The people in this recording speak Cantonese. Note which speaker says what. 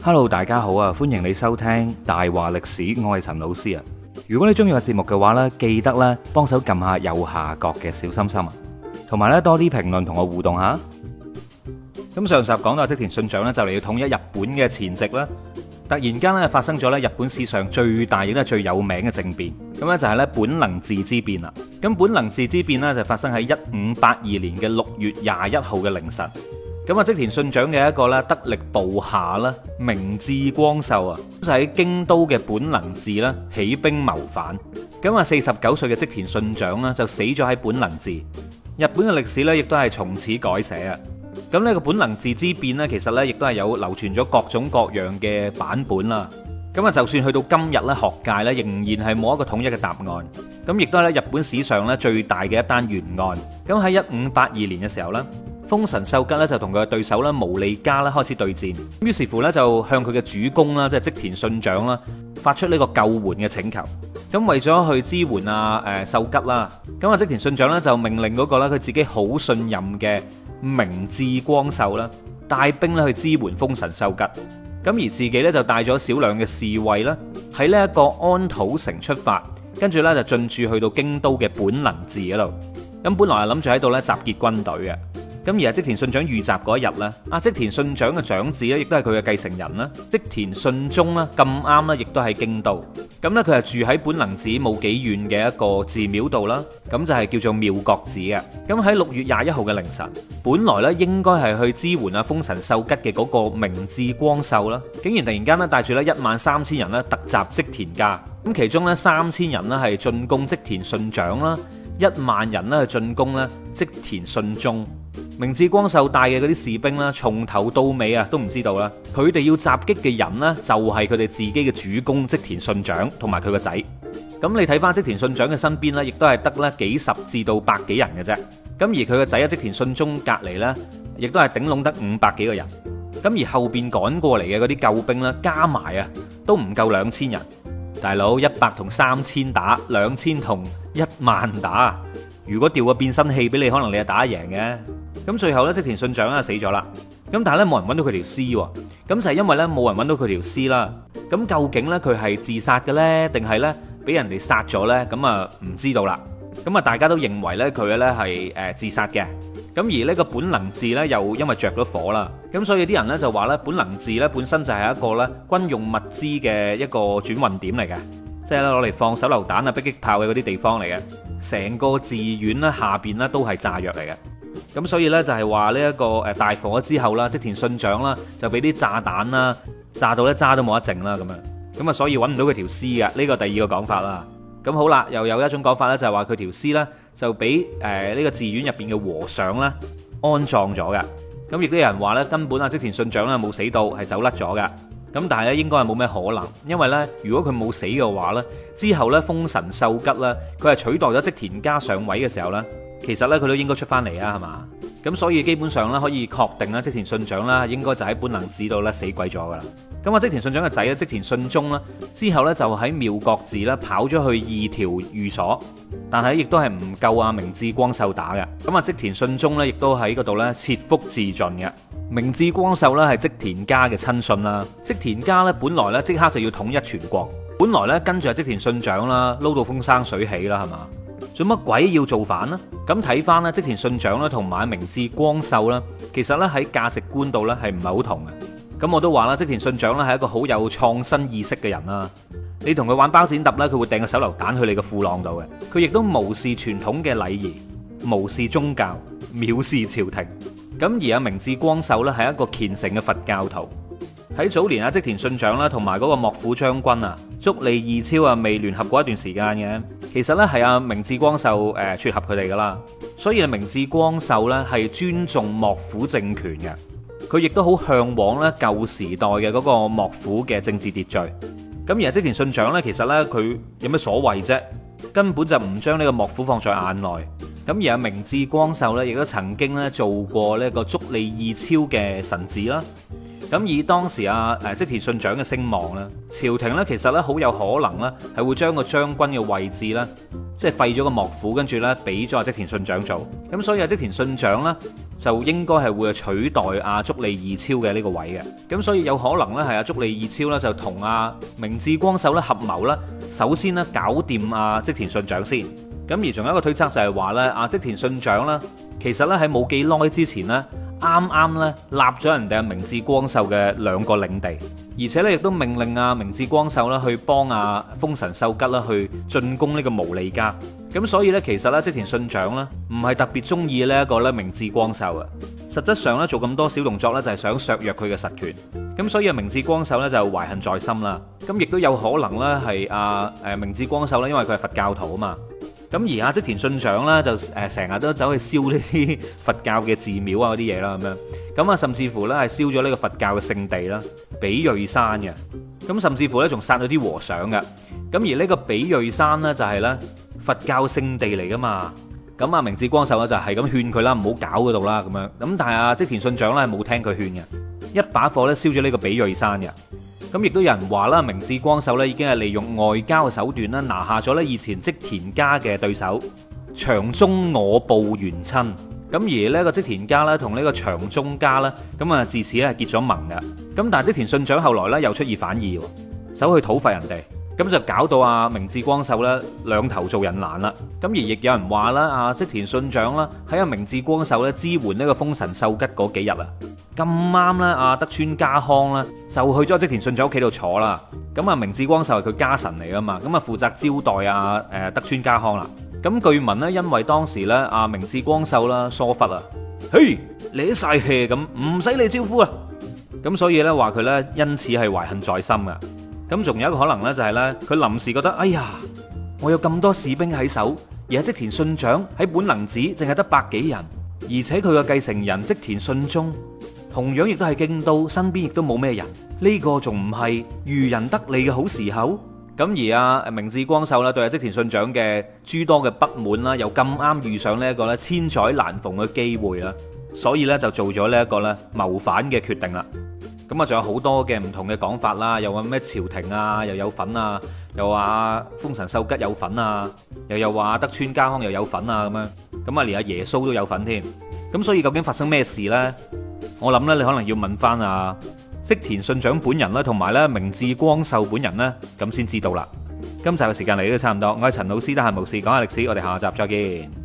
Speaker 1: Hello，大家好啊！歡迎你收聽大話歷史，我係陳老師啊！如果你中意我節目嘅話呢，記得咧幫手撳下右下角嘅小心心啊，同埋咧多啲評論同我互動下。咁上集講到織田信長呢，就嚟要統一日本嘅前夕啦，突然間呢，發生咗咧日本史上最大亦都係最有名嘅政變，咁呢，就係咧本能寺之變啦。咁本能寺之變呢，就發生喺一五八二年嘅六月廿一號嘅凌晨。咁啊，織田信長嘅一個咧得力部下啦，明智光秀啊，就喺京都嘅本能寺啦起兵謀反。咁啊，四十九歲嘅織田信長呢，就死咗喺本能寺。日本嘅歷史咧，亦都係從此改寫啊。咁呢個本能寺之變呢，其實咧亦都係有流傳咗各種各樣嘅版本啦。咁啊，就算去到今日咧，學界咧仍然係冇一個統一嘅答案。咁亦都係咧日本史上咧最大嘅一單懸案。咁喺一五八二年嘅時候呢。豐臣秀吉咧就同佢嘅對手咧毛利家咧開始對戰，於是乎咧就向佢嘅主公啦，即係織田信長啦，發出呢個救援嘅請求。咁為咗去支援啊誒秀吉啦，咁阿織田信長咧就命令嗰個咧佢自己好信任嘅明智光秀啦帶兵咧去支援豐臣秀吉，咁而自己咧就帶咗少量嘅侍衛啦喺呢一個安土城出發，跟住咧就進駐去到京都嘅本能寺嗰度。咁本來係諗住喺度咧集結軍隊嘅。咁而係織田信長遇襲嗰一日咧，阿織田信長嘅長子咧，亦都係佢嘅繼承人啦。織田信忠啦，咁啱啦，亦都喺京都。咁咧，佢係住喺本能寺冇幾遠嘅一個寺廟度啦。咁就係叫做妙覺寺嘅。咁喺六月廿一號嘅凌晨，本來咧應該係去支援啊豐臣秀吉嘅嗰個明智光秀啦，竟然突然間咧帶住咧一萬三千人咧突襲織田家。咁其中咧三千人咧係進攻織田信長啦，一萬人咧去進攻咧織田信忠。明智光秀帶嘅嗰啲士兵啦，從頭到尾啊都唔知道啦。佢哋要襲擊嘅人呢，就係佢哋自己嘅主公織田信長同埋佢個仔。咁你睇翻織田信長嘅身邊呢，亦都係得啦幾十至到百幾人嘅啫。咁而佢個仔喺織田信忠隔籬呢，亦都係頂籠得五百幾個人。咁而後邊趕過嚟嘅嗰啲救兵呢，加埋啊都唔夠兩千人。大佬一百同三千打，兩千同一萬打，如果調個變身器俾你，可能你係打得贏嘅。咁最後呢，織田信長啊死咗啦。咁但係呢，冇人揾到佢條屍喎。咁就係、是、因為呢，冇人揾到佢條屍啦。咁究竟呢，佢係自殺嘅呢？定係呢，俾人哋殺咗呢？咁啊唔知道啦。咁啊，大家都認為呢，佢呢係自殺嘅。咁而呢個本能寺呢，又因為着咗火啦。咁所以啲人呢，就話呢，本能寺呢本身就係一個呢軍用物資嘅一個轉運點嚟嘅，即係攞嚟放手榴彈啊、迫擊炮嘅嗰啲地方嚟嘅。成個寺院呢，下面呢，都係炸藥嚟嘅。咁所以呢，就係話呢一個誒大火之後啦，織田信長啦就俾啲炸彈啦炸到咧渣都冇得剩啦咁樣，咁啊所以揾唔到佢條屍㗎。呢個第二個講法啦。咁好啦，又有一種講法呢，就係話佢條屍呢就俾誒呢個寺院入邊嘅和尚呢安葬咗嘅。咁亦都有人話呢，根本啊織田信長呢冇死到，係走甩咗噶。咁但係咧應該係冇咩可能，因為呢，如果佢冇死嘅話呢，之後呢，豐臣秀吉呢，佢係取代咗織田家上位嘅時候呢。其實咧，佢都應該出翻嚟啊，係嘛？咁所以基本上咧，可以確定啦，織田信長啦，應該就喺本能寺度咧死鬼咗噶啦。咁啊，織田信長嘅仔咧，織田信忠啦，之後咧就喺妙覺寺啦跑咗去二條御所，但係亦都係唔夠啊明智光秀打嘅。咁啊，織田信忠咧，亦都喺嗰度咧切腹自盡嘅。明智光秀咧係織田家嘅親信啦。織田家咧，本來咧即刻就要統一全國，本來咧跟住啊織田信長啦，撈到風生水起啦，係嘛？做乜鬼要造反呢？咁睇翻啦，織田信長咧同埋明智光秀啦，其實咧喺價值觀度咧係唔係好同嘅。咁我都話啦，織田信長咧係一個好有創新意識嘅人啦。你同佢玩包剪揼咧，佢會掟個手榴彈去你嘅褲浪度嘅。佢亦都無視傳統嘅禮儀，無視宗教，藐視朝廷。咁而阿明智光秀咧係一個虔誠嘅佛教徒。喺早年啊織田信長啦同埋嗰個幕府將軍啊足利義昭啊未聯合過一段時間嘅。其實呢係啊明智光秀誒撮合佢哋噶啦，所以啊明智光秀呢係尊重幕府政權嘅，佢亦都好向往咧舊時代嘅嗰個幕府嘅政治秩序。咁而啊織田信長呢，其實呢，佢有咩所謂啫？根本就唔將呢個幕府放在眼內。咁而阿明智光秀呢，亦都曾經呢，做過呢個足利義昭嘅臣子啦。咁以當時阿、啊、誒織田信長嘅聲望咧，朝廷咧其實咧好有可能咧係會將個將軍嘅位置咧，即係廢咗個幕府，跟住咧俾咗阿織田信長做。咁所以阿、啊、織田信長咧就應該係會取代阿、啊、足利義昭嘅呢個位嘅。咁所以有可能咧係阿足利義昭咧就同阿、啊、明智光秀咧合謀咧，首先咧搞掂阿織田信長先。咁而仲有一個推測就係話咧，阿、啊、織田信長呢，其實咧喺冇幾耐之前呢。啱啱咧，立咗人哋啊明智光秀嘅兩個領地，而且咧亦都命令啊明智光秀啦去幫啊豐臣秀吉啦去進攻呢個毛利家。咁所以咧，其實咧織田信長咧唔係特別中意呢一個咧明智光秀啊。實質上咧做咁多小動作咧就係想削弱佢嘅實權。咁所以啊明智光秀咧就懷恨在心啦。咁亦都有可能咧係啊誒明智光秀咧因為佢係佛教徒啊嘛。咁而阿即田信長咧就、呃、成日都走去燒呢啲佛教嘅寺廟啊嗰啲嘢啦咁樣咁啊甚至乎咧係燒咗呢個佛教嘅聖地啦，比叡山嘅，咁甚至乎咧仲殺咗啲和尚嘅，咁而呢個比叡山咧就係咧佛教聖地嚟噶嘛，咁啊明智光秀咧就係咁勸佢啦，唔好搞嗰度啦咁樣咁但係啊織田信長咧係冇聽佢勸嘅，一把火咧燒咗呢個比叡山嘅。咁亦都有人話啦，明智光秀咧已經係利用外交手段啦，拿下咗咧以前織田家嘅對手長宗我部元親。咁而呢個織田家啦，同呢個長宗家啦，咁啊自此咧係結咗盟嘅。咁但係織田信長後來咧又出爾反爾，走去討伐人哋。咁就搞到阿明智光秀咧兩頭做人難啦。咁而亦有人話啦，阿織田信長啦喺阿明智光秀咧支援呢個豐臣秀吉嗰幾日啦。咁啱啦，阿德川家康啦就去咗織田信長屋企度坐啦。咁啊，明智光秀係佢家臣嚟噶嘛，咁啊負責招待啊誒德川家康啦。咁據聞呢，因為當時咧阿明智光秀啦疏忽啊，嘿，嘥晒氣咁唔使你招呼啊。咁所以咧話佢咧因此係懷恨在心啊。咁仲有一個可能呢，就係呢。佢臨時覺得，哎呀，我有咁多士兵喺手，而阿織田信長喺本能寺淨係得百幾人，而且佢嘅繼承人織田信忠同樣亦都係京都，身邊亦都冇咩人，呢、這個仲唔係漁人得利嘅好時候？咁而阿明智光秀咧對阿織田信長嘅諸多嘅不滿啦，又咁啱遇上呢一個呢千載難逢嘅機會啦，所以呢，就做咗呢一個呢謀反嘅決定啦。咁啊，仲有好多嘅唔同嘅講法啦，又話咩朝廷啊又有份啊，又話啊豐臣秀吉有份啊，又又話德川家康又有份啊，咁樣咁啊，連阿耶穌都有份添。咁所以究竟發生咩事咧？我諗咧，你可能要問翻啊，織田信長本人啦，同埋咧明智光秀本人咧，咁先知道啦。今集嘅時間嚟都差唔多，我係陳老師，得閒無事講下歷史，我哋下集再見。